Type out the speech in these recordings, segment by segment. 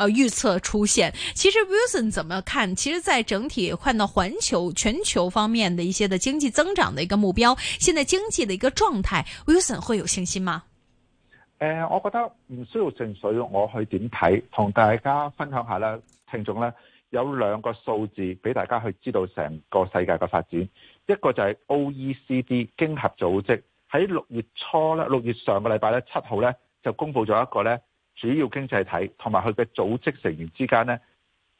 呃，預測出現，其實 Wilson 怎麼看？其實，在整體看到環球全球方面的一些的經濟增長的一個目標，現在經濟的一個狀態，Wilson 會有信心嗎？誒、呃，我覺得唔需要情緒我去點睇，同大家分享一下咧，聽眾呢，有兩個數字俾大家去知道成個世界嘅發展，一個就係 OECD 經合組織喺六月初咧，六月上個禮拜咧七號咧就公布咗一個咧。主要經濟體同埋佢嘅組織成員之間呢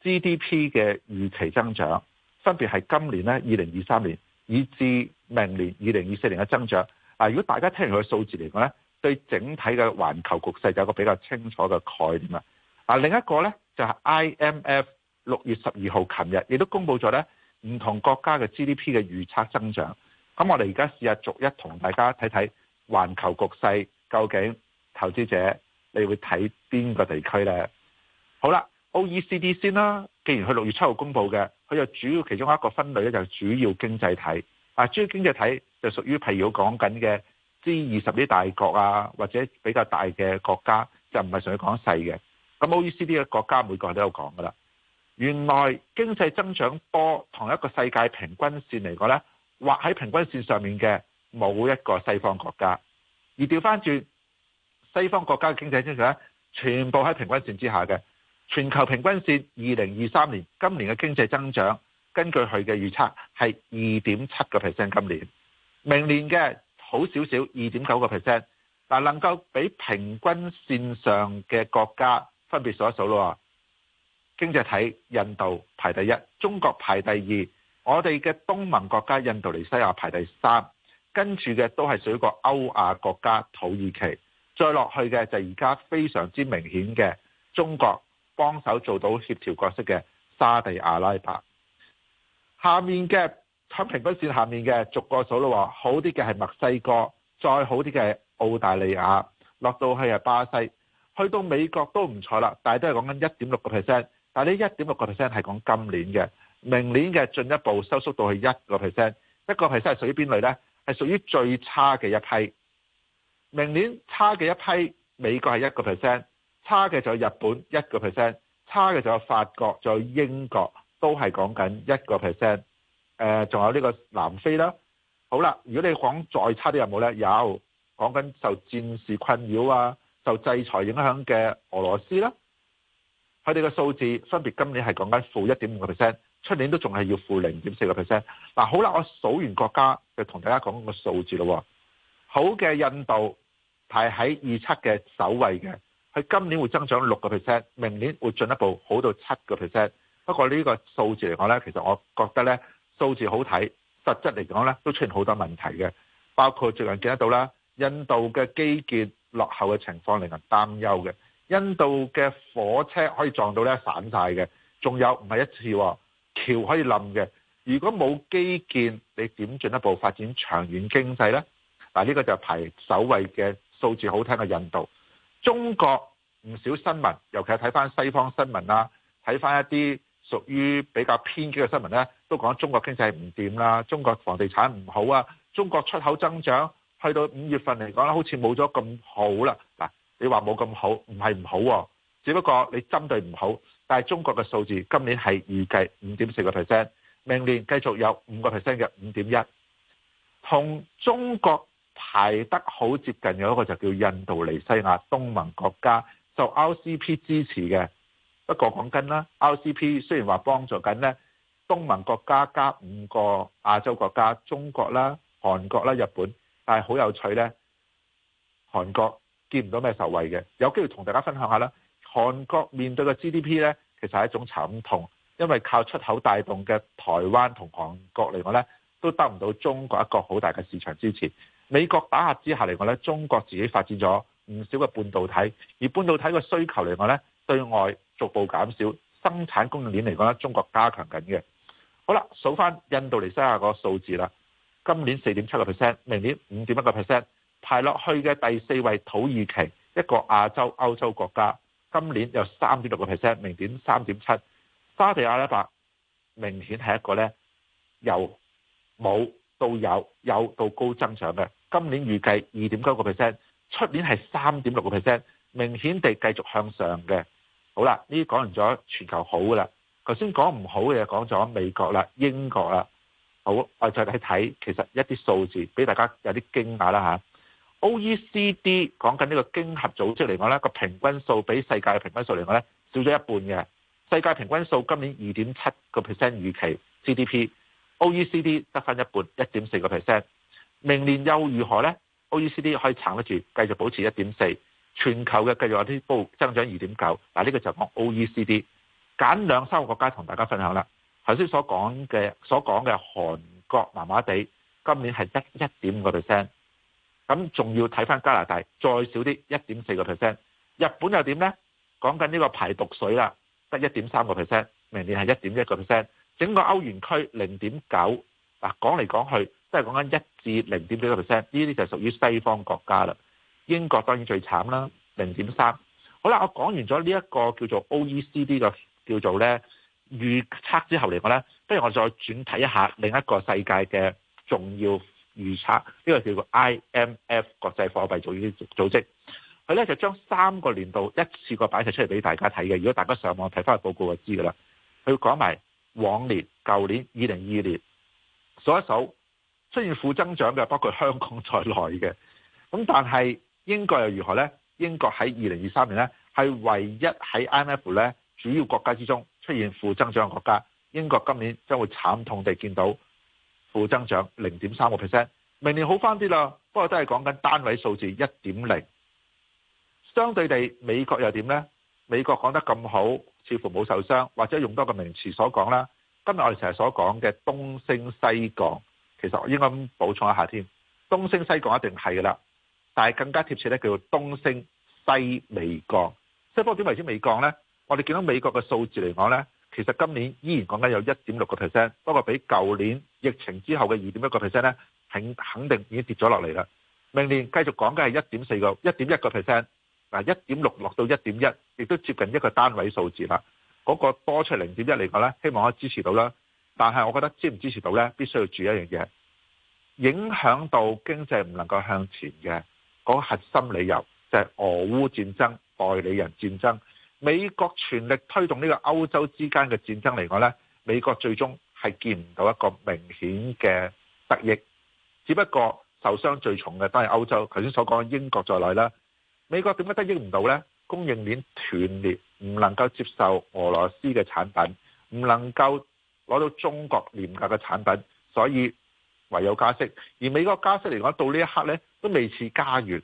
GDP 嘅預期增長分別係今年呢、二零二三年以至明年二零二四年嘅增長。如果大家聽完佢嘅數字嚟講呢，對整體嘅環球局勢就有個比較清楚嘅概念啦。啊，另一個呢，就係 IMF 六月十二號琴日亦都公布咗呢唔同國家嘅 GDP 嘅預測增長。咁我哋而家試下逐一同大家睇睇環球局勢究竟投資者。你會睇邊個地區呢？好啦，O E C D 先啦。既然佢六月七號公布嘅，佢就主要其中一個分類咧，就係主要經濟體。啊，主要經濟體就屬於譬如我講緊嘅 G 二十啲大國啊，或者比較大嘅國家，就唔係純粹講細嘅。咁 O E C D 嘅國家每個人都有講噶啦。原來經濟增長波同一個世界平均線嚟講呢，畫喺平均線上面嘅冇一個西方國家。而調翻轉。西方國家嘅經濟增長咧，全部喺平均線之下嘅。全球平均線二零二三年今年嘅經濟增長，根據佢嘅預測係二點七個 percent。今年明年嘅好少少二點九個 percent。但能夠比平均線上嘅國家分別數一數咯。哇，經濟體印度排第一，中國排第二，我哋嘅東盟國家印度尼西亞排第三，跟住嘅都係屬於個歐亞國家土耳其。再落去嘅就而家非常之明顯嘅中國幫手做到協調角色嘅沙地阿拉伯。下面嘅喺平均線下面嘅逐個數啦，好啲嘅係墨西哥，再好啲嘅係澳大利亞，落到去啊巴西，去到美國都唔錯啦，但係都係講緊一點六個 percent，但係呢一點六個 percent 係講今年嘅，明年嘅進一步收縮到去一個 percent，一個 percent 係屬於邊類咧？係屬於最差嘅一批。明年差嘅一批，美國係一個 percent，差嘅就係日本一個 percent，差嘅就法國，仲有英國都係講緊一個 percent。誒、呃，仲有呢個南非啦。好啦，如果你講再差啲有冇咧？有，講緊受戰事困擾啊，受制裁影響嘅俄羅斯啦。佢哋嘅數字分別今年係講緊負一點五個 percent，出年都仲係要負零點四個 percent。嗱，好啦，我數完國家就同大家講個數字咯。好嘅，印度排喺預測嘅首位嘅，佢今年會增長六個 percent，明年會進一步好到七個 percent。不過呢個數字嚟講咧，其實我覺得咧，數字好睇，實質嚟講咧都出現好多問題嘅，包括最近見得到啦，印度嘅基建落後嘅情況令人擔憂嘅。印度嘅火車可以撞到咧散晒嘅，仲有唔係一次，哦，橋可以冧嘅。如果冇基建，你點進一步發展長遠經濟咧？嗱，呢個就是排首位嘅數字好聽嘅印度。中國唔少新聞，尤其係睇翻西方新聞啦，睇翻一啲屬於比較偏激嘅新聞咧，都講中國經濟唔掂啦，中國房地產唔好啊，中國出口增長去到五月份嚟講咧，好似冇咗咁好啦。嗱，你話冇咁好，唔係唔好啊，只不過你針對唔好。但係中國嘅數字今年係預計五點四個 percent，明年繼續有五個 percent 嘅五點一，同中國。排得好接近嘅一個就叫印度尼西亞東盟國家，就 RCEP 支持嘅。不過講緊啦，RCEP 雖然話幫助緊呢東盟國家加五個亞洲國家，中國啦、韓國啦、日本，但係好有趣呢。韓國見唔到咩受惠嘅，有機會同大家分享下啦。韓國面對嘅 GDP 呢，其實係一種慘痛，因為靠出口帶動嘅台灣同韓國嚟講呢，都得唔到中國一個好大嘅市場支持。美國打壓之下嚟講咧，中國自己發展咗唔少嘅半導體，而半導體嘅需求嚟講咧，對外逐步減少。生產供應鏈嚟講咧，中國加強緊嘅。好啦，數翻印度尼西亞個數字啦，今年四點七個 percent，明年五點一個 percent，排落去嘅第四位土耳其，一個亞洲歐洲國家，今年有三點六個 percent，明年三點七。沙地阿拉伯明顯係一個咧，由冇到有，有到高增長嘅。今年預計二點九個 percent，出年係三點六個 percent，明顯地繼續向上嘅。好啦，呢講完咗全球好噶啦，頭先講唔好嘅講咗美國啦、英國啦。好，我再睇睇，其實一啲數字俾大家有啲驚訝啦嚇。O E C D 講緊呢個經合組織嚟講咧，個平均數比世界嘅平均數嚟講咧少咗一半嘅。世界平均數今年二點七個 percent 預期 G D P，O E C D 得翻一半，一點四個 percent。明年又如何呢？o e c d 可以撐得住，繼續保持一4四。全球嘅繼續有啲高增長二9九。嗱，呢個就講 OECD 揀兩三個國家同大家分享啦。頭先所講嘅所講嘅韓國麻麻地，今年係1一點五 percent。咁仲要睇翻加拿大，再少啲一點、1. 4四 percent。日本又點呢？講緊呢個排毒水啦，得一3三 percent。明年係一1一 percent。整個歐元區零9九。嗱，講嚟講去。即係講緊一至零點幾個 percent，呢啲就係屬於西方國家啦。英國當然最慘啦，零點三。好啦，我講完咗呢一個叫做 OECD 嘅叫做咧預測之後嚟講咧，不如我再轉睇一下另一個世界嘅重要預測，呢個叫做 IMF 國際貨幣組織。佢咧就將三個年度一次過擺晒出嚟俾大家睇嘅。如果大家上網睇翻個報告就知噶啦。佢講埋往年、舊年、二零二二年數一數。出現負增長嘅，包括香港在內嘅。咁但係英國又如何呢？英國喺二零二三年呢，係唯一喺 IMF 呢主要國家之中出現負增長嘅國家。英國今年將會慘痛地見到負增長零點三個 percent。明年好翻啲啦，不過都係講緊單位數字一點零。相對地，美國又點呢？美國講得咁好，似乎冇受傷，或者用多個名詞所講啦。今日我哋成日所講嘅東升西降。其實我應該補充一下添，東升西降一定係噶啦，但係更加貼切呢，叫做東升西未降，西方點為之未降呢？我哋見到美國嘅數字嚟講呢，其實今年依然講緊有一點六個 percent，不過比舊年疫情之後嘅二點一個 percent 呢，肯肯定已經跌咗落嚟啦。明年繼續講緊係一點四個、一點一個 percent，嗱，一點六落到一點一，亦都接近一個單位數字啦。嗰、嗰個多出零點一嚟講呢，希望可以支持到啦。但係，我覺得支唔支持到呢，必須要注意一樣嘢，影響到經濟唔能夠向前嘅嗰個核心理由，就係俄烏戰爭、代理人戰爭。美國全力推動呢個歐洲之間嘅戰爭嚟講呢，美國最終係見唔到一個明顯嘅得益。只不過受傷最重嘅都係歐洲，頭先所講英國在內啦。美國點解得益唔到呢？供應鏈斷裂，唔能夠接受俄羅斯嘅產品，唔能夠。攞到中國廉價嘅產品，所以唯有加息。而美國加息嚟講，到呢一刻呢都未似加完。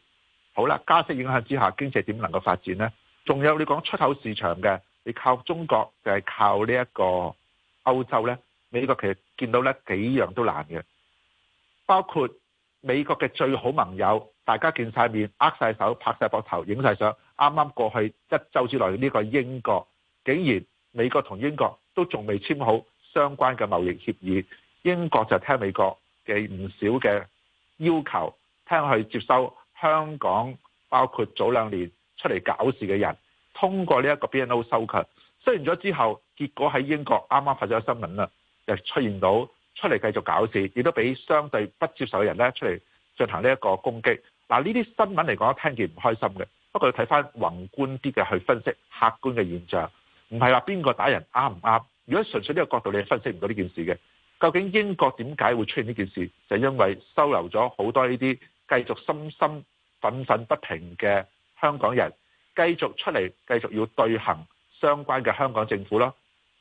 好啦，加息影響之下，經濟點能夠發展呢？仲有你講出口市場嘅，你靠中國就係靠呢一個歐洲呢。美國其實見到呢幾樣都難嘅，包括美國嘅最好盟友，大家見晒面，握晒手，拍晒膊頭，影晒相。啱啱過去一周之內呢個英國，竟然美國同英國都仲未簽好。相關嘅貿易協議，英國就聽美國嘅唔少嘅要求，聽佢接收香港包括早兩年出嚟搞事嘅人，通過呢一個 BNO 收築，雖然咗之後，結果喺英國啱啱發咗新聞啦，就出現到出嚟繼續搞事，亦都俾相對不接受嘅人咧出嚟進行呢一個攻擊。嗱，呢啲新聞嚟講，聽見唔開心嘅。不過要睇翻宏觀啲嘅去分析，客觀嘅現象，唔係話邊個打人啱唔啱。如果純粹呢個角度，你係分析唔到呢件事嘅。究竟英國點解會出現呢件事？就係因為收留咗好多呢啲繼續心心憤憤不平嘅香港人，繼續出嚟，繼續要對抗相關嘅香港政府咯。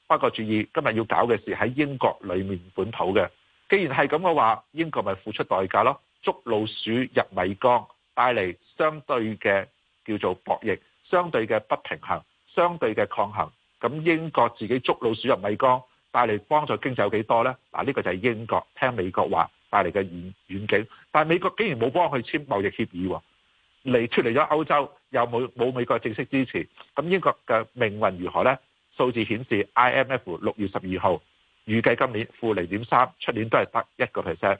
不過注意，今日要搞嘅事喺英國裏面本土嘅。既然係咁嘅話，英國咪付出代價咯。捉老鼠入米缸，帶嚟相對嘅叫做博弈、相對嘅不平衡、相對嘅抗衡。咁英國自己捉老鼠入米缸，帶嚟幫助經濟有幾多呢？嗱，呢個就係英國聽美國話帶嚟嘅遠遠景。但係美國竟然冇幫佢簽貿易協議，嚟出嚟咗歐洲又冇冇美國正式支持，咁英國嘅命運如何呢？數字顯示 IMF 六月十二號預計今年負零點三，出年都係得一個 percent。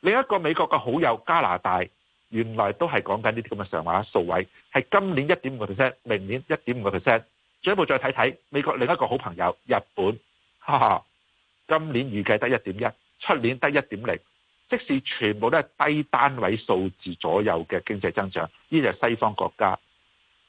另一個美國嘅好友加拿大，原來都係講緊呢啲咁嘅常話數位，係今年一點五個 percent，明年一點五個 percent。進一步再睇睇，美國另一個好朋友日本，哈哈，今年預計得一點一，出年得一點零，即使全部都係低單位數字左右嘅經濟增長，呢就係西方國家。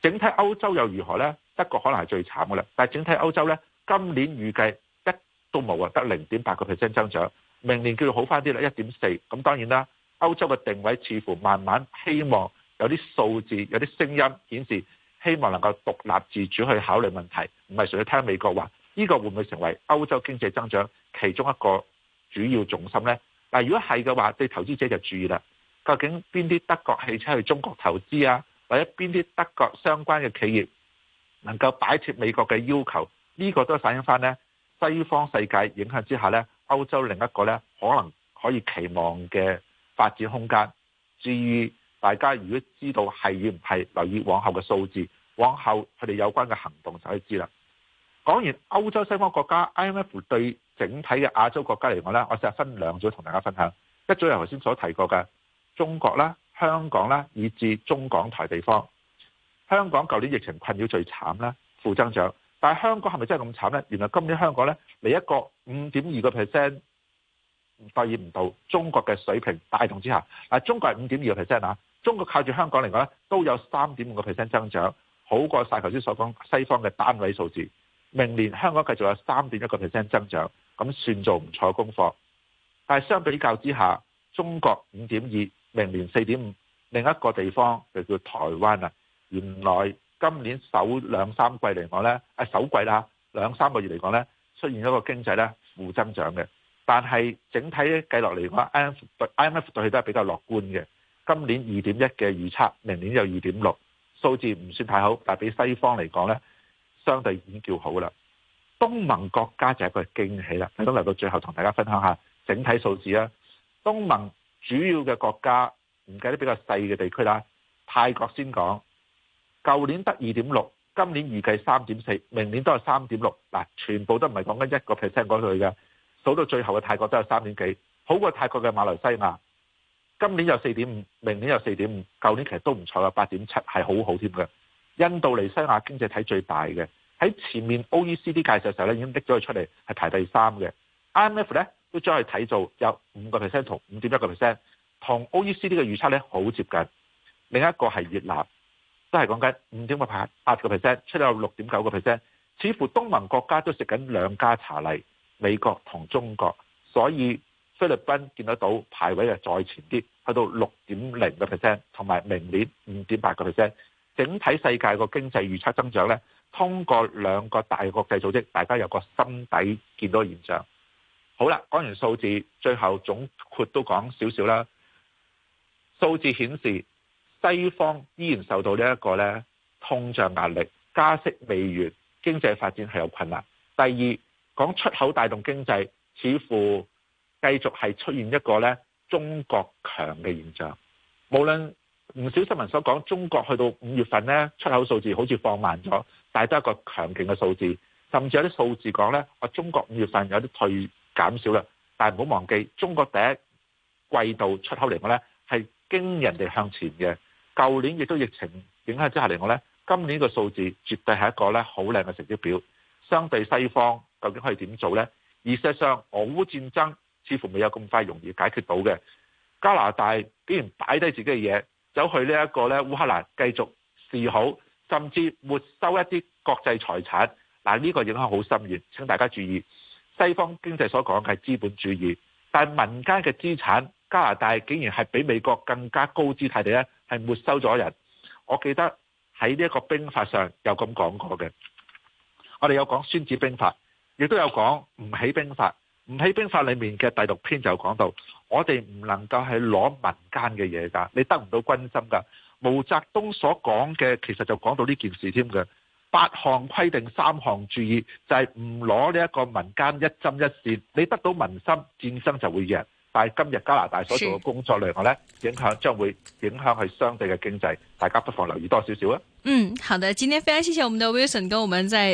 整體歐洲又如何呢？德國可能係最慘㗎啦，但係整體歐洲呢，今年預計一都冇啊，得零點八個 percent 增長，明年叫做好翻啲啦，一點四。咁當然啦，歐洲嘅定位似乎慢慢希望有啲數字，有啲聲音顯示。希望能夠獨立自主去考慮問題，唔係純粹聽美國話。呢個會唔會成為歐洲經濟增長其中一個主要重心呢？但如果係嘅話，對投資者就注意啦。究竟邊啲德國汽車去中國投資啊，或者邊啲德國相關嘅企業能夠擺脫美國嘅要求？呢個都反映翻呢西方世界影響之下呢，歐洲另一個呢可能可以期望嘅發展空間。至於大家如果知道係與唔係，留意往後嘅數字，往後佢哋有關嘅行動就可以知啦。講完歐洲西方國家，IMF 對整體嘅亞洲國家嚟講呢，我試下分兩組同大家分享。一組係頭先所提過嘅中國啦、香港啦，以至中港台地方。香港舊年疫情困擾最慘啦，負增長。但係香港係咪真係咁慘呢？原來今年香港呢，嚟一個五點二個 percent，發現唔到中國嘅水平帶動之下。中國係五點二個 percent 啊！中國靠住香港嚟講咧，都有三點五個 percent 增長，好過晒頭先所講西方嘅單位數字。明年香港繼續有三點一個 percent 增長，咁算做唔錯功課。但係相比較之下，中國五點二，明年四點五。另一個地方就叫台灣啊，原來今年首兩三季嚟講咧，啊首季啦，兩三個月嚟講咧，出現一個經濟咧負增長嘅，但係整體計落嚟講，IMF 對佢都係比較樂觀嘅。今年二點一嘅預測，明年有二點六，數字唔算太好，但係比西方嚟講呢，相對已經叫好啦。東盟國家就係一個驚喜啦。咁都嚟到最後同大家分享一下整體數字啦。東盟主要嘅國家，唔計得比較細嘅地區啦，泰國先講，舊年得二點六，今年預計三點四，明年都係三點六。嗱，全部都唔係講緊一個 percent 嗰類嘅，數到最後嘅泰國都有三點幾，好過泰國嘅馬來西亞。今年有四點五，明年有四點五，舊年其實都唔錯啦，有八點七係好好添嘅。印度尼西亞經濟體最大嘅，喺前面 O E C D 介紹嘅時候咧，已經逼咗佢出嚟係排第三嘅。I M F 咧都將佢睇做有五個 percent 同五點一個 percent，同 O E C D 嘅預測咧好接近。另一個係越南，都係講緊五點八個 percent，出到六點九個 percent，似乎東盟國家都食緊兩家茶禮，美國同中國，所以。菲律賓見得到排位係再前啲，去到六點零個 percent，同埋明年五點八個 percent。整體世界個經濟預測增長咧，通過兩個大國際組織，大家有個心底見到現象。好啦，講完數字，最後總括都講少少啦。數字顯示西方依然受到呢一個咧通脹壓力，加息未完，經濟發展係有困難。第二講出口帶動經濟，似乎。繼續係出現一個咧中國強嘅現象，無論唔少新聞所講，中國去到五月份咧出口數字好似放慢咗，但係都係一個強勁嘅數字。甚至有啲數字講咧，話中國五月份有啲退減少啦，但係唔好忘記，中國第一季度出口嚟講咧係驚人哋向前嘅。舊年亦都疫情影響之下嚟講咧，今年呢個數字絕對係一個咧好靚嘅成績表。相對西方究竟可以點做咧？而事實上，俄烏戰爭。似乎未有咁快容易解決到嘅。加拿大竟然擺低自己嘅嘢，走去呢一個咧烏克蘭繼續示好，甚至沒收一啲國際財產。嗱、這、呢個影響好深遠，請大家注意。西方經濟所講嘅係資本主義，但民間嘅資產，加拿大竟然係比美國更加高姿態地咧係沒收咗人。我記得喺呢一個兵法上有咁講過嘅。我哋有講《孫子兵法》，亦都有講唔起兵法。唔喺兵法裏面嘅第六篇就講到，我哋唔能夠係攞民間嘅嘢噶，你得唔到軍心噶。毛澤東所講嘅其實就講到呢件事添嘅，八項規定三項注意就係唔攞呢一個民間一針一線，你得到民心，戰爭就會弱。但係今日加拿大所做嘅工作量我咧，影響將會影響係相對嘅經濟，大家不妨留意多少少啊。嗯，好的，今天非常謝謝我們的 Wilson 跟我們在。